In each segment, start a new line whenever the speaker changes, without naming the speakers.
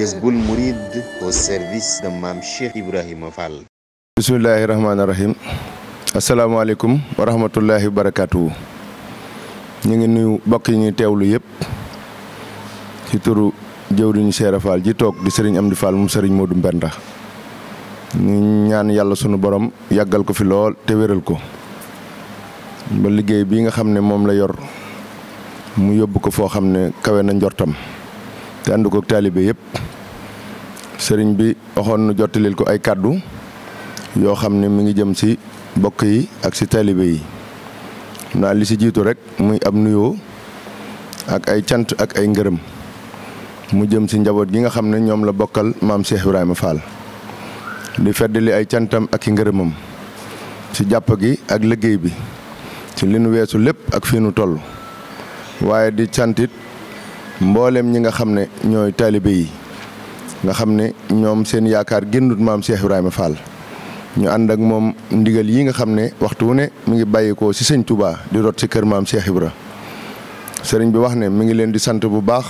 Jazbul murid au service de mam Cheikh Ibrahima Fall. bismillahi rahmaani rahim asalaamaaleykum wa rahmatullahi wa barakatuh ñi ngi nuyu bokk yi ci turu cheikh rafal ji tok di serigne amdou Fall mu serigne Modou Mbenda. ñi ñaan yalla sunu borom yagal ko fi lol te wéral ko ba liggéey bi nga xam mom la yor mu yobbu ko fo xam kawé na njortam. te ànd koog taalibe yëpp sëriñ bi waxoon nu jottalil ko ay kàddu yoo xam ne mi ngi jëm ci bokk yi ak ci taalibe yi naa li ci jiitu rek muy ab nuyoo ak ay cant ak ay ngërëm mu jëm si njaboot gi nga xam ne ñoom la bokkal maam Cheikh Ibrahima Fall di feddali ay cantam ak i ngërëmam ci jàpp gi ak liggéey bi ci li nu weesu lépp ak fii nu waaye di cantit mbooleem ñi nga xam ne ñooy taalibe yi nga xam ne ñoom seen yaakaar génnut maam Cheikh Ibrahima Fall ñu ànd ak moom ndigal yi nga xam ne waxtu wu ne mu ngi bàyyikoo ci sëñ Touba di rot ci kër maam Cheikh ra sëriñ bi wax ne mi ngi leen di sant bu baax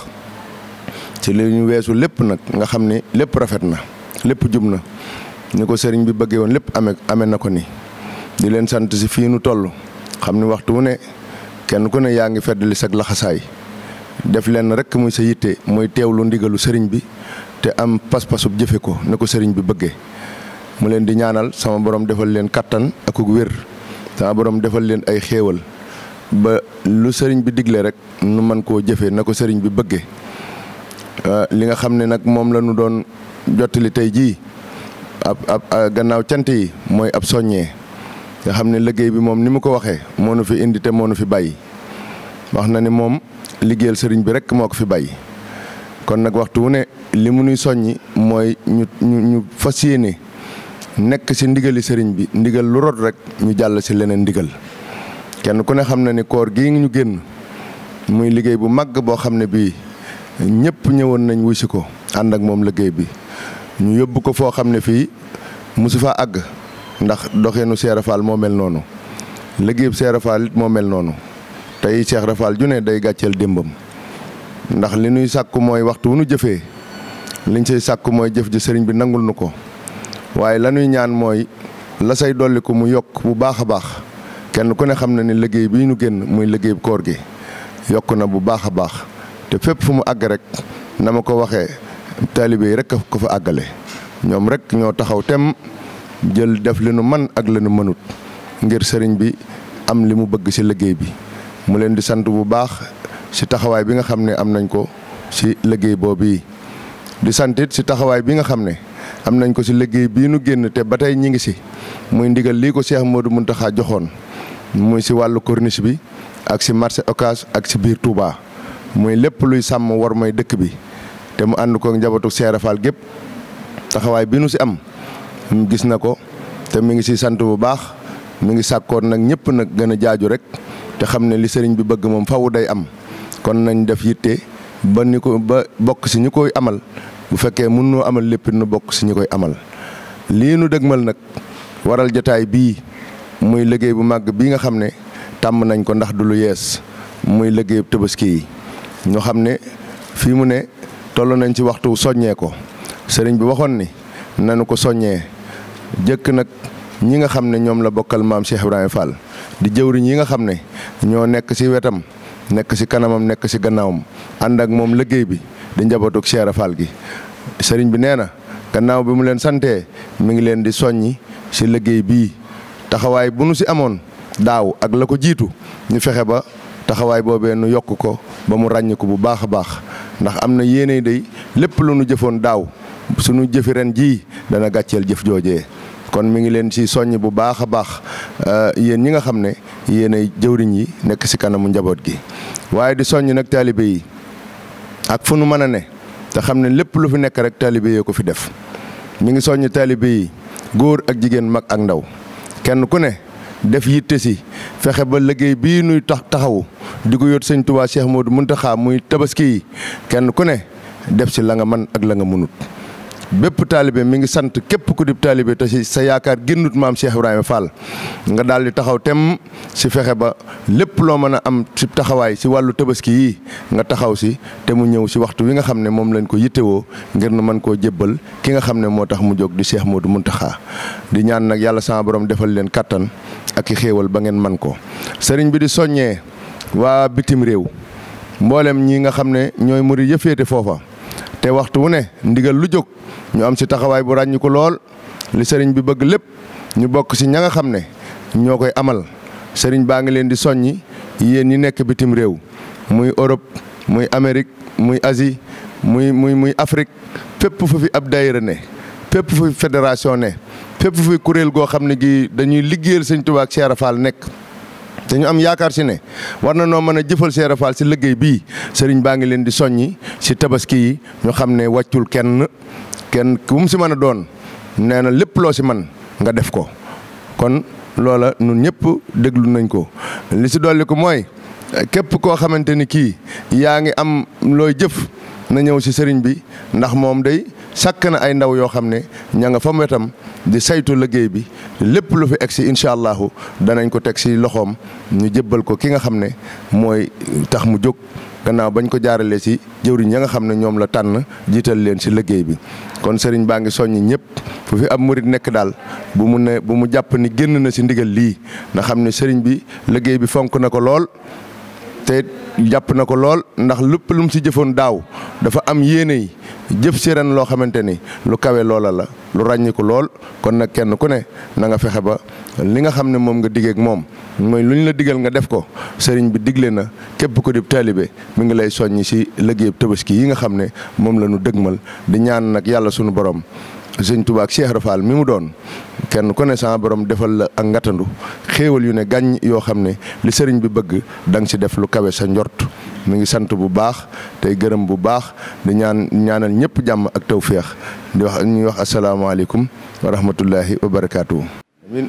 ci li ñu weesu lépp nag nga xam ne lépp rafet na lépp jub na ñu ko sëriñ bi bëggee woon lépp amee amee na ko ni di leen sant ci fii nu toll xam ne waxtu wu ne kenn ku ne yaa ngi li sag laxasaay def lenn rek muy sa yitte mooy teewlu ndigalu sëriñ bi te am pas-pasub jëfe ko na ko sëriñ bi bëggee mu leen di ñaanal sama boroom defal leen kattan akuk wér sama borom defal leen ay xéewal ba lu sëriñ bi digle rek nu man koo jëfee na ko sëriñ bi bëggee euh, li nga xam ne nag moom la ñu doon jottali tey jii ab ab euh, gannaaw cant yi mooy ab soññee nga xam ne liggéey bi moom ni mu ko waxee moo nu fi indi te moo nu fi bàyyi wax na ni moom liggéeyal sëriñ bi rek moo ko fi bay kon nag waxtu wu ne li mu nuy soññi mooy ñu ñu fas yéene nekk ci ndigali sëriñ bi ndigal lu rot rek ñu jàll ci leneen ndigal kenn ku ne xam na ni koor gii ñu génn muy liggéey bu màgg boo xam ne bii ñépp ñëwoon nañ si ko ànd ak moom liggéey bi ñu yóbbu ko foo xam ne fii mu mosu fa àgg ndax doxeenu Seera Faal moo mel noonu liggéeyub Seera Faal it moo mel noonu tey Cheikh Rafal ju ne day gàcceel démbam ndax li nuy sàkku mooy waxtu wu nu jëfee liñ say sàkku mooy jëf ji sëriñ bi nangul nu ko waaye la nuy ñaan mooy la say dolli ko mu yokk bu baax a baax kenn ku ne xam na ni liggéey bii ñu génn muy liggéey koor gi yokk na bu baax a baax te fépp fu mu àgg rekk na ma ko waxee taalibe yi rek ko fa àggale ñoom rek ñoo taxaw tem jël def li nu man ak la nu mënut ngir sëriñ bi am li mu bëgg si liggéey bi mu leen di sant bu baax si taxaway bi nga xamne am nañ ko si liggey bobu di santit si taxaway bi nga xamne am nañ ko si liggey bi nu genn te batay ñi ngi si muy ndigal li ko Cheikh Modou Mountakha joxon muy si walu corniche bi ak ci marché Ocass ak ci bir Touba muy lepp luy sam war moy dekk bi te mu and ko njabatu Cheikh Rafal gep taxaway bi nu ci am gis nako te mi ngi ci sant bu baax mi ngi sàkkoon nak ñepp nak gëna jaaju rek te xam li sëriñ bi bëgg mom faawu day am kon nañ def yitté ba ni ko ba bokk amal bu fekkee mënno amal lepp nu bok ci ñu amal li nu dëgmal nak waral jotaay bi muy liggéey bu mag bi nga xam ne nañ ko ndax du lu yes muy liggéey tabaski ñu ñoo fi ne mu ne tollu nañ ci waxtu soñé ko sëriñ bi waxon ni nañ ko soñé jëk nak ñi nga xam ne la bokal maam Cheikh ibrahim Fall di jëwriñ yi nga ñoo nekk ci wetam nekk ci kanamam nekk ci gannaawam ànd ak moom liggéey bi di njabootug Cheikh Rafal gi sëriñ bi nee na gannaaw bi mu leen santee mi ngi leen di soññi ci liggéey bii taxawaay bu nu ci amoon daaw ak la ko jiitu ñu fexe ba taxawaay boobee nu yokk ko ba mu ràññiku bu baax a baax ndax am na yéene day lépp lu nu jëfoon daaw suñu jëfi ren jii dana gàcceel jëf joojee kon mi ngi leen ci soññ bu baax a baax euh, yéen ñi nga xam ne yéenay jëwriñ yi nekk ci kanamu njaboot gi waaye di soññ nag taalibe yi ak fu nu mën a ne te xam ne lépp lu fi nekk rek taalibe yee ko fi def mu ngi soññ taalibe yi góor ak jigéen mag ak ndaw kenn ku ne def yitte si fexe ba liggéey bii nuy tax taxawu di ko yóot sëñ Tuubaa Cheikh Modou Mountakha muy tabaski yi kenn ku ne def si la nga man ak la nga mënut bépp talibé mi ngi sant képp ku dib talibé ta ci sa yaakar gennut maam Cheikh Ibrahima Fall nga dal di taxaw tem si fexé ba mana lo meuna am ci taxaway si walu tebeski yi nga taxaw si te mu ñew si waxtu wi nga xamné mom lañ ko wo ngir na man ko jébal ki nga xamné motax mu jog di Cheikh Modou Mountakha di ñaan nak yalla sama borom defal leen katan ak ki xéewal ba ngeen man ko sëriñ bi di soñé wa bitim réew mbolem ñi nga xamné ñoy ñooy murid ya fofa te waxtu wu ne ndigal lu jóg ñu am si taxawaay bu ko lool li sëriñ bi bëgg lépp ñu bokk si ña nga xam ne ñoo koy amal sëriñ baa ngi leen di soññi yéen ñi nekk bitim réew muy Europe muy Amérique muy Asie muy muy muy Afrique fépp fu fi ab daayira ne fépp fu fi fédération ne pépp fu fi kuréel goo xam ne gi dañuy liggéeyal sëñ Tuubaa ak Cheikh nekk te ñu am yaakaar si ne war na noo mën a jëfal Cheikh Ibra si liggéey bii sëriñ baa ngi leen di soññi si tabaski yi ñu xam ne wàccul kenn kenn ku mu si mën a doon nee na lépp loo si man nga def ko kon loola nun ñëpp déglu nañ ko li si dolli ko mooy képp koo xamante ni kii yaa ngi am looy jëf na ñëw si sëriñ bi ndax moom day sàkk na ay ndaw yoo xam ne ña nga fa wetam di saytu liggéey bi lepp lu fi exi inshallah danañ ko tek ci loxom ñu jébbal ko ki nga xam moy tax mu jog gannaaw bañ ko jaaralee si jëwri ñi ya nga xam ñom la tan jital leen ci liggéey bi kon sëriñ baangi soñi soññ ñëpp fu fi am murit nek dal bu mu ne bu mu japp ni genn na ci ndigal li na xam bi liggéey bi fonk na ko lool te jàpp na ko lool ndax lépp lu mu si jëfoon daaw dafa am yéene yi jëf si loo xamante ni lu kawe loola la lu ràññiku lool kon nag kenn ku ne na nga fexe ba li nga xam ne moom nga digeeg moom mooy lu ñu la digal nga def ko sëriñ bi digle na képp ko di taalibe mu ngi lay soññ si liggéeyub tabaski yi nga xam ne moom la ñu dëgmal di ñaan nag yàlla sunu borom. sëñ Tuubaa ak Cheikh Rafaal mi mu doon kenn ku ne sa defal la ak ngatandu xéewal yu ne gàññ yoo xam ne li sëriñ bi bëgg da ci def lu kawe sa njort mu ngi sant bu baax tey gërëm bu baax di ñaanal ñëpp jàmm ak feex di wax ñuy wax asalaamaaleykum wa rahmatullahi wa barakaatu. amin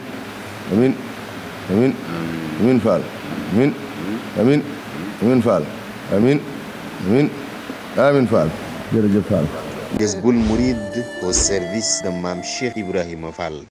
amin amin amin amin faal amin amin amin faal Jazboul Mouride au service de Mame Cheikh Ibrahima Fall